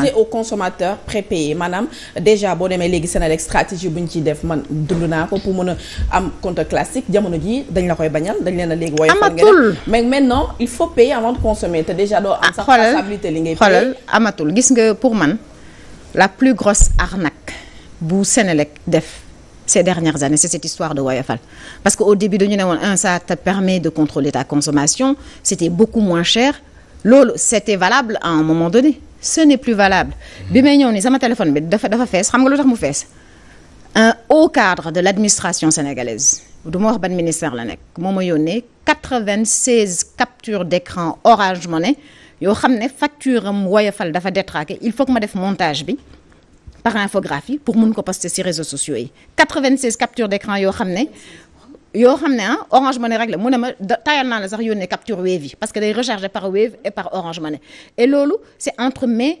proposer aux consommateurs prépayés maanaam déjà boo demee léegi Senelec stratégie bu ciy def man dund naa ko pour mën am compte jamono ji dañ la koy bañal dañ leen a léegi woyofal nga def mais maintenant il faut payer avant de consommer li ngay xoolal amatul gis nga pour man la plus grosse arnaque bu Senelec def ces dernières années c'est cette histoire de Woyofal parce que au début dañu ne woon un ça te permet de contrôler ta consommation c'était beaucoup moins cher loolu c'était valable à un moment donné ce n'est plus valable bi may ñëw nii sama téléphone bi dafa dafa fees xam nga lu tax mu fees un haut cadre de l'administration sénégalaise du ma wax ban ministère la nekk moo ma yónnee quatre-vingt-seize captures d'écran Orange Money yoo xam ne facture am woyofal dafa détraqué il faut que ma def montage bi par infographie pour mun ko poster ci réseau sociaux yi quatre-vingt-seize captures d'écran yoo xam ne yoo xam ne ah Orange Money rek la mu ne ma tayal naa la sax yónnee capture Wave parce que day rechargé par Wave et par Orange Money et loolu c'est entre mai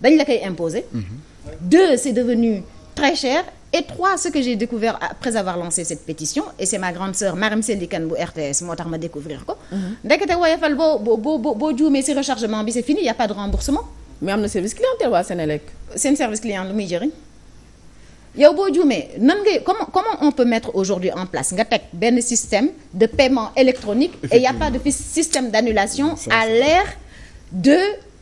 dañ la koy imposer. deux c'est devenu très cher. et trois ce que j'ai découvert après avoir lancé cette pétition et c'est ma grande sœur Marim Seyni Kane bu RTS moo tax ma découvrir ko. ndekete woyofal boo boo boo boo juumee si rechargement bi c'est fini y a pas de remboursement. mais am na service clientèle waa Sénélec. seen service client lu yow boo juumee nan ngay comment comment on peut mettre en place nga teg benn système de paiement électronique. et y a pas de système d'annulation à l'ère de.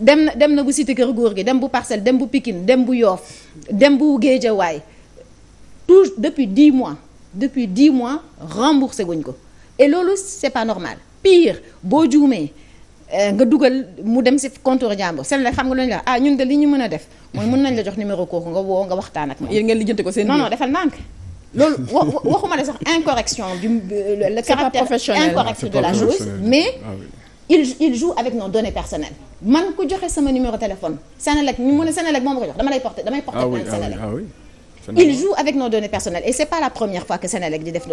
dem na dem na bu cité kër góor gi dem bu parcelle dem bu Pikine dem bu Yoff dem bu Géejawaay tout depuis 10 mois depuis 10 mois remboursé guñ ko et loolu c'est pas normal pire boo juumee euh, nga dugal mu dem si compteur jàmbur seen la xam nga lu ñu ah, ñun de li ñu mën a def mooy mun nañ la jox numéro kooku nga woo nga waxtaan ak moom. yéen ngeen lijjanti ko seen non non defal ndànk. loolu waxuma ne sax incorrection du euh, le caractère incorrect de la chose mais ah il il joue avec nos données man ku joxe sama numéro téléphone Sénélec ñu mu ne Sénélec moom ma ko jox dama lay porter damay porter ah plainte ah ah Sénélec il joue avec nos données personnelles et c'est pas la première fois que Sénélec di def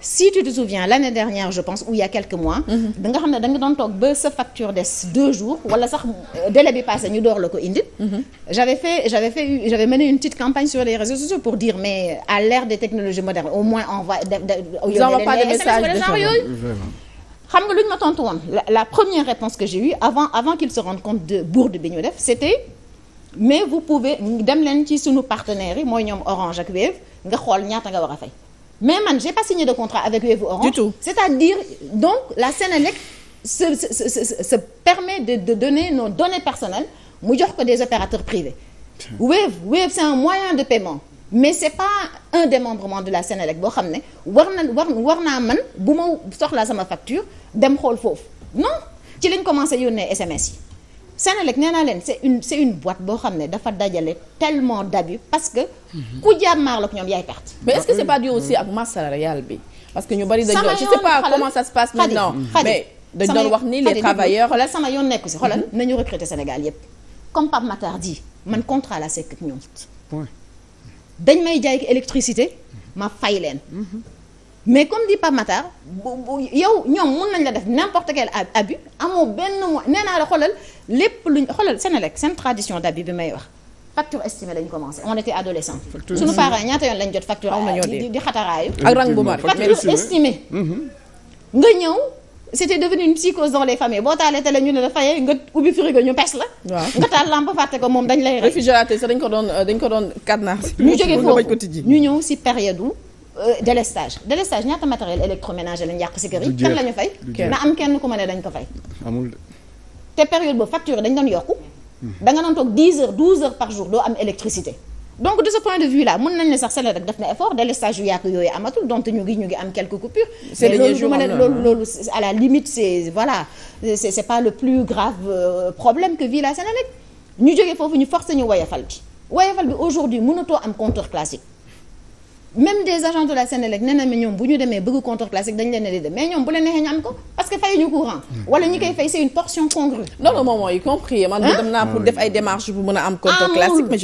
si tu te souviens l'année dernière je pense ou y a quelques mois mhm. da nga xam ne da nga doon sa facture des deux jours wala sax euh, délai bi passé ñu door la ko indi mhm. j'avais fait j'avais fait j'avais mené une petite réseaux sociaux pour dire mais à xam nga lu ma tontu woon la première réponse que j'ai eue avant avant qu'ils se rendent compte de bourde bi ñu def c'était mais vous pouvez dem leen ci suñu partenaires yi mooy ñoom Orange ak Wave nga xool ñaata nga war a fay mais man j'ai pas signé de contrat avec Wave ou Orange du tout c'est-à-dire donc la Sénélec se se se se permet de de donner nos données personnelles mu jox ko des opérateurs privés Wave Wave c'est un moyen de paiement mais c' est pas un démembrement de la Sénélec boo xam ne war na war war naa man bu ma soxla sama facture dem xool foofu non ci lañ commencé yónnee SMS yi Sénélec nee naa leen c' une c' est boo xam ne dafa dajale tellement d' abus parce que mhm. ku jàmmaar la ñoom yaay perte mais est ce pas dû aussi mhm. ak masse salariale bi parce que ñu bari dañu doon je sais pas comment ça se passe mhm. dañ doon wax ni les travailleurs xoolal sama yoon nekku si xoolal nañu recruter Sénégal yépp comme Pape Matar dit man contrat la sekk ak ñoom dañ may jaay ki ma fay leen mais comme dit Pape Matar yow ñoom mun nañ la def n'importe quel abus amoo benn mo nee naa la xoolal lépp luñ xoolal Senelec seen tradition d'abus bi may wax facture estimée lañ commencé on était adolescent suñu parents ñaata yoon lañ jot facture di xataraayu ak rang bu bari facture estimée mm-hmm. nga ñëw c'était devenu une psychose dans les familles boo taalee télé ñu ne la fayee nga ubbi frigo ñu pes la. nga taal lampe fàtte ko moom dañ lay. réfrigérateur sax dañ ko doon dañ ko doon cadenas. ñu jógee foofu ñu ñëw si période euh, délestage délestage ñaata matériel électroménager lañ yàq si kër yi. kan la ñu fay. na am kenn ku ma ne dañ ko fay. amul te période boobu facture dañ doon yokku. Hmm. da nga doon toog 10 heures 12 heures par jour doo am électricité. donc de ce point de vue là mun nañ ne sax Senelec rek def na effort délestage yu yàgg yooyu amatul donc ñu ngi ñu ngi am quelques coupures. c'est la limite c'est voilà c'est pas le plus grave euh, problème que vit la Senelec ñu jógee foofu ñu forcé ñu woyofal bi woyofal bi aujourd'hui mënatoo am compteur classique même des agents de la Senelec nee na ñoom bu ñu demee bëgg compteur classique dañ leen a déggee mais ñoom bu leen neexee ñu am ko parce que fayuñu courant. Hmm. a am. compteur classique mais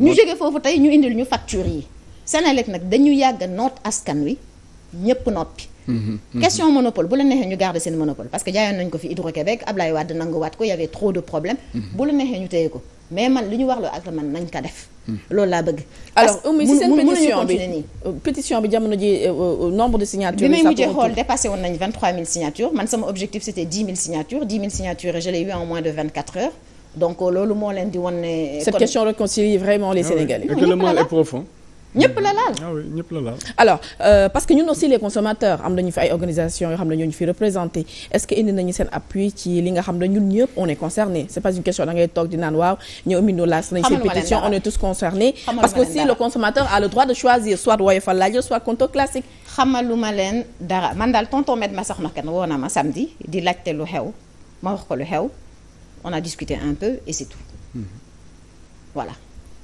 ñu jege foofu tey ñu indil ñu facture yi Senelec nag dañu yàgg noot askan wi ñëpp noppi mm-hmm. question monopole bu la neexee ñu garder seen monopole parce que jaayoon nañ ko fi Hydro-Québec Ablaye Wade nanguwaat ko y avait trop de problèmes mm-hmm. bu la neexee ñu téye ko mais man li ñu wax loo nañ ko def mm-hmm. loolu laa bëgg alors Oumy si seen nombre de signatures bi may mujjee xool dépassé woon nañ 23000 signatures man sama objectif c'était 10 000 donc euh, loolu moo leen di wan ne. cette question réconcilie vraiment les ah Sénégalais. et que le mal est profond. ñëpp la laal ah alors euh, parce que ñun aussi les consommateurs am nañu fi ay organisations yoo xam ne ñoo ñu fi représenté est-ce que indi nañu seen appui ci li nga xam ne ñun ñëpp on est concerné c'est pas une question da ngay di naan waaw ñoom it ñu laaj seen pétition on est tous concernés. parce que aussi le consommateur a le droit de choisir soit woyofal laajo soit compte classique. xamaluma leen dara man daal tonton Med ma soxna kenn woo na ma samedi di laajte lu xew ma xew. on a discuté un peu et c'est tout mm voilà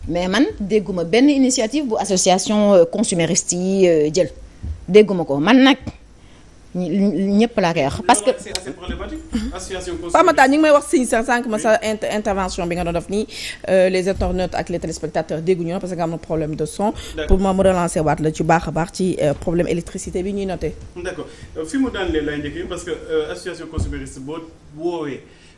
mais man dégguma benn initiative bu association euh, consumériste yi euh, jël dégguma ko man nag ñëpp laa koy wax parce que Pamata ñu ngi may wax san sànq ma sa intervention bi nga doon def nii euh, les internautes ak les téléspectateurs dégguñu la parce que nga am na problème de son pour ma mu relancer waat la ci baax a baax ci problème électricité bi ñuy noté d'accord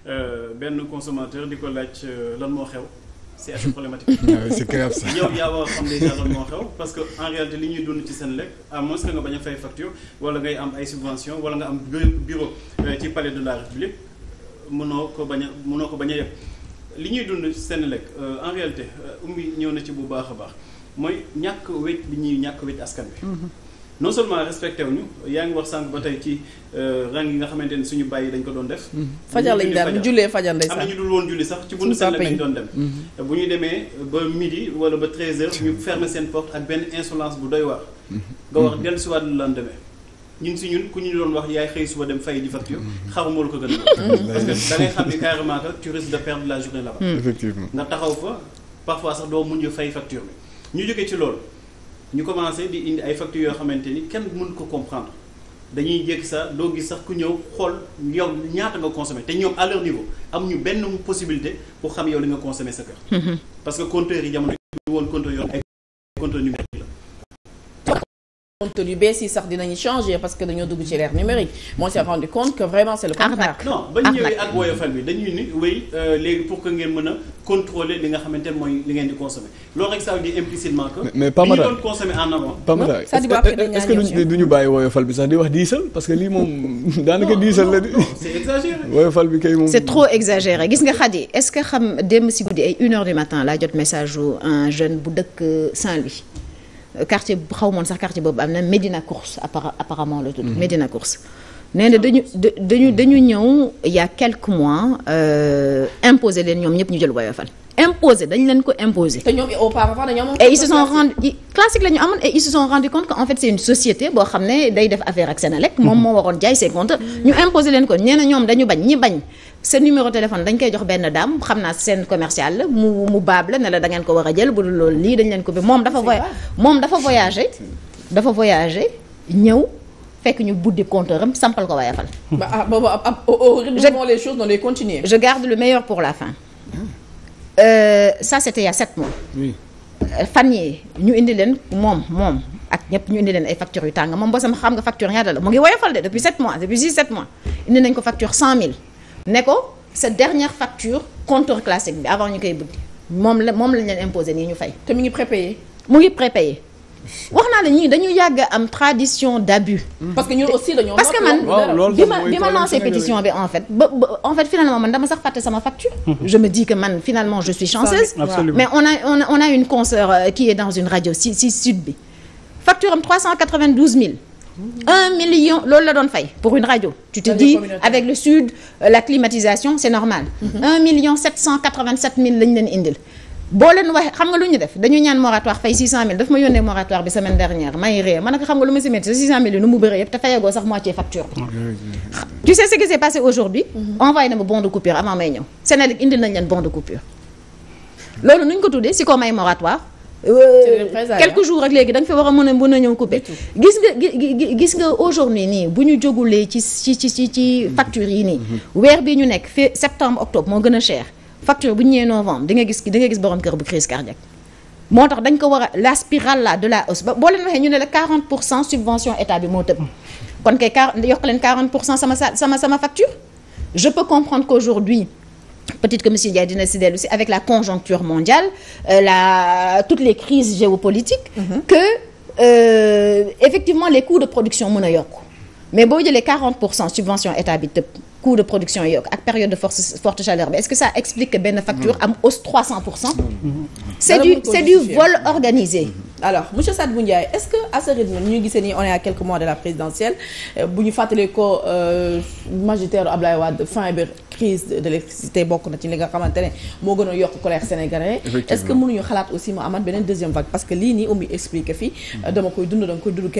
Euh, benn consommateur di ko laaj euh, lan moo xew ah c'est assez problématique. c'est yaa war a xam déjà lan moo xew parce que en réalité li ñuy dund ci seen lekk à moins que nga bañ a fay facture wala ngay am ay subventions wala nga am bureau euh, ci palais de la république mënoo ko bañ a mënoo ko bañ a yëg li ñuy dund seen lekk en réalité umbi ñëw na ci bu baax a baax mooy ñàkk wet bi ñuy ñàkk wecc askan bi non seulement respecté wuñu yaa ngi wax sànq ba tey ci euh, rang yi nga xamante ni suñu bàyyi dañ ko doon def. Mm-hmm. fajar lañ daan ñu jullee fajar lañ sax am na ñu sax ci buntu seen lañ doon dem. Mm-hmm. bu ñu demee ba midi wala ba 13h ñu fermer seen porte ak benn insolence bu doy waar. Mm-hmm. nga wax dellusiwaat lu lan demee. ñun si ñun ku ñu doon wax yaay xëy suba dem fay di facture xaruma lu ko gën a. parce que da xam ne carrément que de perdre la journée là-bas. nga taxaw fa parfois sax doo mujj fay facture bi ci loolu ñu commencé di indi ay factures yoo xamante ni kenn mën ko comprendre dañuy jékki sa doo gis sax ku ñëw xool yow ñaata nga consommé te ñoom à leur niveau am ñu benn possibilité pour xam yow li nga consommé sa kër. Mm-hmm. parce que compteur yi jamono du yoon ay contenu bees yi sax dinañu changer parce que dañoo dugg ci l'ère numérique moo s'est rendu compte que vraiment c'est le contraire euh, li nga xamante ne mooy li ngeen di consommer loolu rek ça veut dire duñu bàyyi woyofal bi sax di wax diisal parce que lii moom daanaka diisal la di woyofal bi kay moom c'est trop exagéré gis nga Khady est-ce que xam démb si guddi ay une heure du matin laa jot message u un jeune bu dëkk Saint-Louis quartier xaw moon sax quartier boobu am na Médina Course apparemment la tudd Médina mhm. Course nee na dañu dañu dañu ñëw il y a quelques mois euh, imposé leen ñoom ñëpp ñu jël woyofal imposé dañ leen ko imposé. te ñoom auparavant dañoo amoon et ils se sont rendu classique la ñu amoon et ils se sont rendu compte que en fait c' une société boo xam ne day def affaire ak Senelec. moom mhm. moo waroon jaay ses comptes. Mhm. ñu imposé leen ko nee ñoom dañu bañ ñi bañ. seen numéro téléphone dañ koy jox benn daam xam naa seen commercial la mu mu baab la ne la ko war a jël bu dul loolu lii dañ leen ko bi moom dafa voy moom dafa voyagé dafa voyagé ñëw fekk ñu buddi compteur am sampal ko wayafal ah, ah je garde le meilleur pour la fin euh, ça c'était il a sept mois oui. Euh, fan yi ñu indi leen moom moom ak ñëpp ñu indi leen ay factures yu tàng moom boo sama xam nga facture ñaata la mu ngi woyofal de depuis 7 mois depuis 6 7 mois ne ko sa dernière facture compteur classique bi avant ñu koy buddi moom la moom lañ leen imposé nii ñu fay. te mu ngi prépayé. mu ngi prépayé. wax la ñii dañu yàgg am tradition d'abus. Mm-hmm. parce que ñun aussi dañoo. parce que man bi ma bi ma facture. Mm-hmm. je me dis que finalement je suis chanceuse. mais on a on a on a une consoeur euh, qui est dans une radio si si sud bi facture am un million loolu la doon fay pour une radio tu te dis avec le sud euh, la climatisation c'est normal mhm. un million sept cent quatre-vingt-sept mille lañ leen indil boo leen waxee xam nga lu ñu def dañu ñaan moratoire fay 600000 daf ma yónnee moratoire bi semaine dernière may ree ma ne ko xam nga lu ma si métti 600000 yi nu mu bëree yëpp te fayagoo sax e facture bi tu sais ce qui s'est passé aujourd'hui mhm. envoyé na ma bon de coupure Euh, quelques jours rek léegi da nga fi war a mën a mën a ñëw couper gis nga gis nga aujourd'hui nii bu ñu jógulee ci ci ci ci ci mm-hmm. facture yi nii mm-hmm. weer bi ñu nekk fii septembre octobre moo gën a cher facture bu ñu ñëwee novembre di nga gis di nga gis borom kër bu crise cardiaque moo tax dañ ko war a la spirale là de la hausse boo leen waxee ñu ne la pour cent subvention état bi moo tëb kon kay yokk leen pour cent sama sama sama facture je peux comprendre qu'aujourd'hui peut-être que monsieur Ndiaye dina si dellu si avec la conjoncture mondiale euh, la toutes les crises géopolitiques mhm. que euh, effectivement les coûts de production mën mais boo jëlee 40 pour cent et état bi tëb coût de production yokk ak période de force forte chaleur bi est-ce que ça explique que benn mhm. hausse mhm. c'est du vol organisé alors monsieur Sadibou Ndiaye est-ce que à ce rythme ñu ngi gisee nii on est à quelques mois de la présidentielle euh, bu ñu fàttalee ko euh, magistère Ablaye crise de bokk na ci li nga xamante ne moo gën a yokk colère sénégalais est-ce que mënuñu xalaat aussi mu amaat beneen deuxième vague parce que lii nii umi expliqué fii mm-hmm. dama koy dund danga koy dund